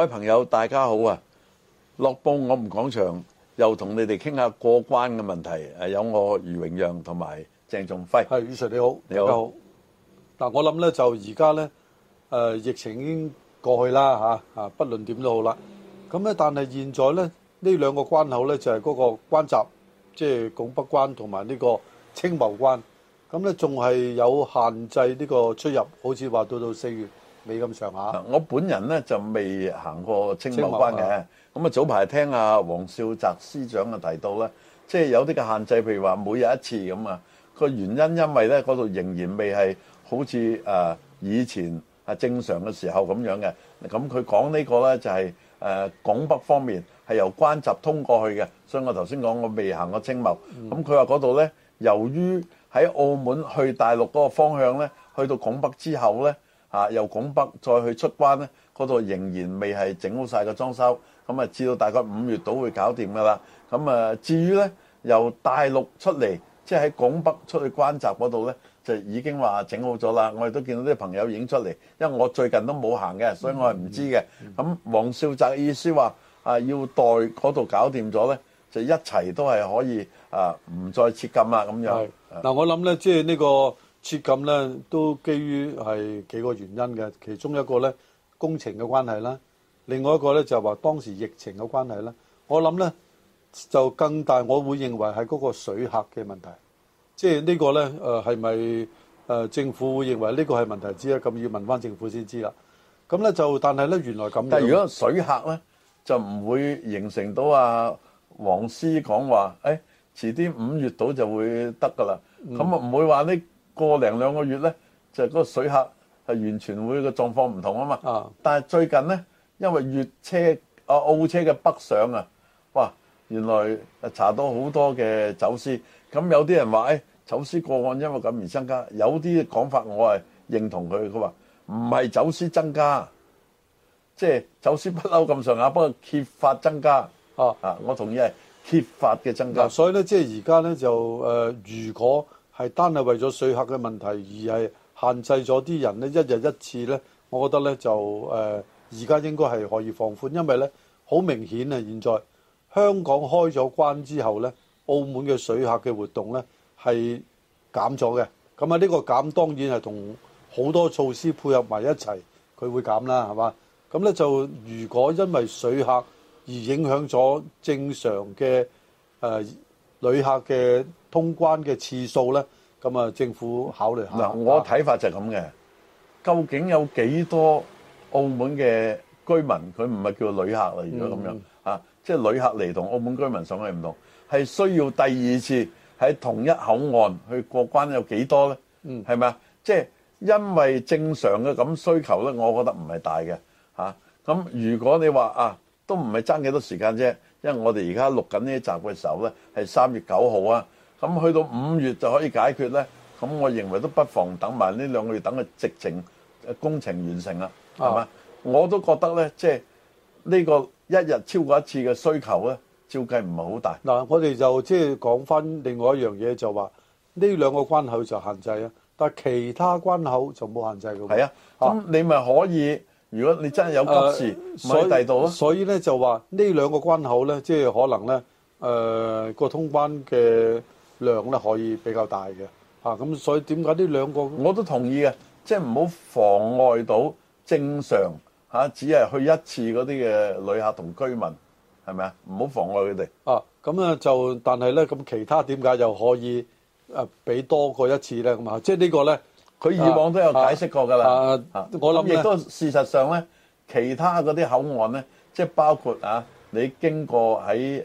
各位朋友，大家好啊！樂報我們講場，又同你哋傾下過關嘅問題。誒，有我余榮讓同埋鄭仲輝。係，余 Sir 你好，你好。嗱，我諗咧就而家咧誒疫情已經過去啦嚇嚇，不論點都好啦。咁咧，但係現在咧呢兩個關口咧就係嗰個關閘，即係拱北關同埋呢個青茂關。咁咧仲係有限制呢個出入，好似話到到四月。未咁上下。我本人咧就未行過青茂關嘅。咁啊，早排聽阿黃少澤司長啊提到咧，即係有啲嘅限制，譬如話每日一次咁啊。個原因因為咧，嗰度仍然未係好似誒以前啊正常嘅時候咁樣嘅。咁佢講呢個咧就係誒拱北方面係由關閘通過去嘅，所以我頭先講我未行過青茂。咁佢話嗰度咧，由於喺澳門去大陸嗰個方向咧，去到拱北之後咧。嚇、啊，由拱北再去出關呢，嗰度仍然未係整好晒個裝修，咁啊至到大概五月度會搞掂㗎啦。咁啊至於呢，由大陸出嚟，即係喺拱北出去關閘嗰度呢，就已經話整好咗啦。我哋都見到啲朋友影出嚟，因為我最近都冇行嘅，所以我係唔知嘅。咁黃少澤意思話啊，要待嗰度搞掂咗呢，就一齊都係可以啊，唔再設禁啦咁樣。嗱，但我諗呢，即係呢個。切咁咧都基於係幾個原因嘅，其中一個咧工程嘅關係啦，另外一個咧就係話當時疫情嘅關係啦。我諗咧就更大，我會認為係嗰個水客嘅問題，即係呢個咧誒係咪誒政府會認為呢個係問題之一？咁要問翻政府先知啦。咁咧就但係咧原來咁，但係如果水客咧就唔會形成到啊黃師講話誒，遲啲五月到就會得㗎啦。咁啊唔會話咧。個零兩個月呢，就嗰個水客係完全會個狀況唔同啊嘛。但係最近呢，因為粵車啊澳車嘅北上啊，哇！原來查到好多嘅走私。咁有啲人話誒，走私個案因為咁而增加。有啲講法我係認同佢，佢話唔係走私增加，即係走私不嬲咁上下，不過揭發增加啊。啊，我同意係揭發嘅增加。啊、所以呢，即係而家呢，就誒、呃，如果係單係為咗水客嘅問題而係限制咗啲人呢，一日一次呢，我覺得呢，就誒而家應該係可以放寬，因為呢，好明顯啊，現在香港開咗關之後呢，澳門嘅水客嘅活動呢係減咗嘅。咁啊，呢個減當然係同好多措施配合埋一齊，佢會減啦，係嘛？咁呢，就如果因為水客而影響咗正常嘅誒、呃、旅客嘅通關嘅次數呢，咁啊，政府考慮下。嗱，我睇法就係咁嘅。究竟有幾多澳門嘅居民佢唔係叫旅客啦、啊？如果咁樣、嗯、啊，即、就、係、是、旅客嚟同澳門居民上去唔同，係需要第二次喺同一口岸去過關有幾多呢？嗯，係咪啊？即係因為正常嘅咁需求呢，我覺得唔係大嘅嚇。咁、啊、如果你話啊，都唔係爭幾多時間啫，因為我哋而家錄緊呢一集嘅時候呢，係三月九號啊。咁去到五月就可以解決咧，咁我認為都不妨等埋呢兩個月，等佢直情工程完成啦，係嘛？我都覺得咧，即係呢個一日超過一次嘅需求咧，照計唔係好大。嗱，我哋就即係講翻另外一樣嘢，就話呢兩個關口就限制啊，但係其他關口就冇限制嘅。係啊，咁你咪可以，如果你真係有急事，咪第二度咯。所以咧就話呢兩個關口咧，即係可能咧，誒個通關嘅量咧可以比較大嘅咁、啊、所以點解呢兩個我都同意嘅，即係唔好妨礙到正常、啊、只係去一次嗰啲嘅旅客同居民，係咪啊？唔好妨礙佢哋。啊，咁咧就，但係咧咁其他點解又可以誒俾多過一次咧？咁、就、啊、是，即係呢個咧，佢以往都有解釋過㗎啦、啊啊。我諗亦、啊、都事實上咧，其他嗰啲口岸咧，即、就、係、是、包括啊你經過喺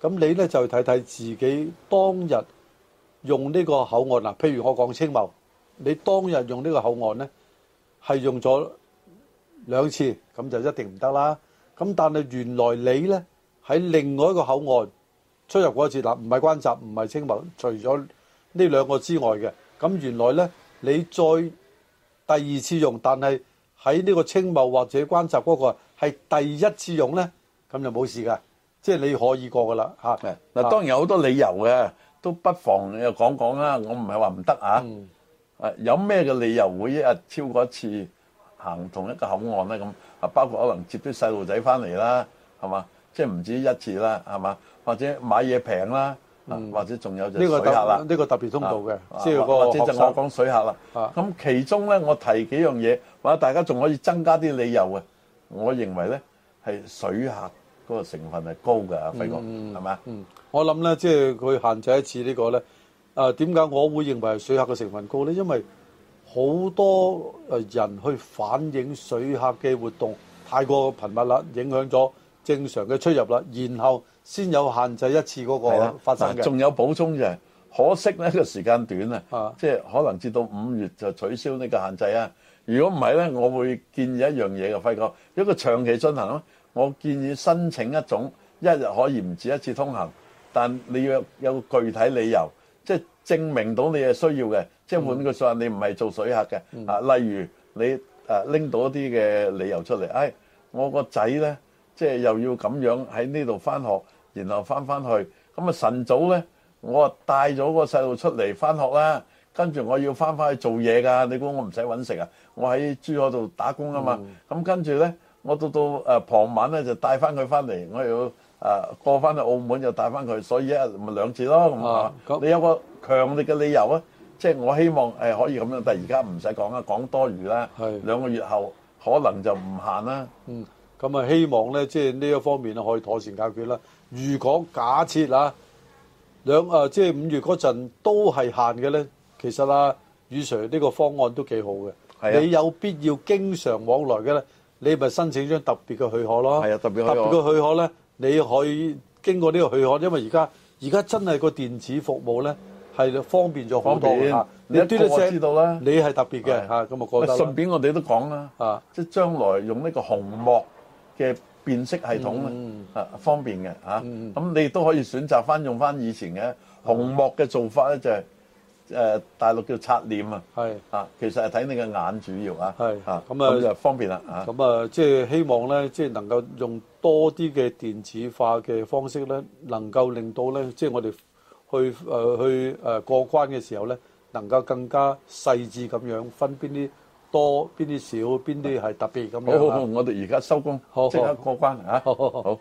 咁你咧就睇睇自己當日用呢個口岸嗱，譬如我講青茂，你當日用呢個口岸咧，係用咗兩次，咁就一定唔得啦。咁但係原來你咧喺另外一個口岸出入過一次，嗱唔係關閘，唔係青茂，除咗呢兩個之外嘅，咁原來咧你再第二次用，但係喺呢個青茂或者關閘嗰個係第一次用咧，咁就冇事㗎。即係你可以過噶啦嚇，嗱當然有好多理由嘅，都不妨又講講啦。我唔係話唔得啊，有咩嘅理由會一日超過一次行同一個口岸咧？咁啊，包括可能接啲細路仔翻嚟啦，係嘛？即係唔止一次啦，係嘛？或者買嘢平啦，嗯、或者仲有就水客啦。呢個、呢個特別通道嘅，即係、啊啊、就即、是、係我講水客啦。咁、啊啊、其中咧，我提幾樣嘢，或者大家仲可以增加啲理由啊。我認為咧係水客。嗰個成分係高㗎，輝哥，係咪啊？吧嗯，我諗咧，即係佢限制一次呢個咧。誒點解我會認為水客嘅成分高咧？因為好多誒人去反映水客嘅活動太過頻密啦，影響咗正常嘅出入啦，然後先有限制一次嗰個發生嘅。仲、啊、有補充嘅。可惜咧個時間短啊，即係可能至到五月就取消呢個限制啊。如果唔係咧，我會建議一樣嘢嘅輝哥，一個長期進行啊。我建議申請一種一日可以唔止一次通行，但你要有，有個具體理由，即係證明到你係需要嘅，即係換句話，你唔係做水客嘅啊。例如你啊拎到一啲嘅理由出嚟，哎我個仔呢，即係又要咁樣喺呢度翻學，然後翻翻去，咁啊晨早呢，我帶咗個細路出嚟翻學啦，跟住我要翻翻去做嘢㗎。你估我唔使揾食啊？我喺珠海度打工啊嘛，咁跟住呢。我到到誒傍晚咧，就帶翻佢翻嚟，我又要誒過翻去澳門就帶翻佢，所以一日咪兩次咯。咁啊，你有個強烈嘅理由啊，即係我希望誒可以咁樣，但係而家唔使講啦，講多餘啦。係兩個月後可能就唔限啦。嗯，咁啊，希望咧即係呢一方面可以妥善解決啦。如果假設啦兩即係五月嗰陣都係限嘅咧，其實啦余 Sir 呢個方案都幾好嘅。你有必要經常往來嘅咧。你咪申請一張特別嘅許可咯，的，特別嘅許可咧，哦、你可以經過呢個許可，因為而家而家真係個電子服務咧係方便咗好多方便，一你一啲都聲，我知道啦，你係特別嘅嚇，咁的啊覺得。順便我哋都講啦，啊，即係將來用呢個虹膜嘅辨識系統，嗯、啊，方便嘅嚇，咁你都可以選擇翻用翻以前嘅虹膜嘅做法咧，就係、是。誒大陸叫刷臉啊，係啊，其實係睇你嘅眼主要啊，係啊，咁啊就方便啦，啊，咁啊即係希望咧，即係能夠用多啲嘅電子化嘅方式咧，能夠令到咧，即係我哋去誒去誒過關嘅時候咧，能夠更加細緻咁樣分邊啲多、邊啲少、邊啲係特別咁樣啊！我哋而家收工，即刻過關啊！好。